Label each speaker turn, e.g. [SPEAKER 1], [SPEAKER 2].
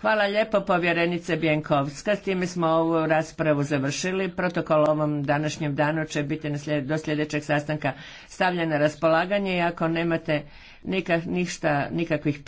[SPEAKER 1] Hvala lijepo povjerenice Bjenkovska. S time smo ovu raspravu završili. Protokol ovom današnjem danu će biti do sljedećeg sastanka stavljen na raspolaganje i ako nemate ništa, nikakvih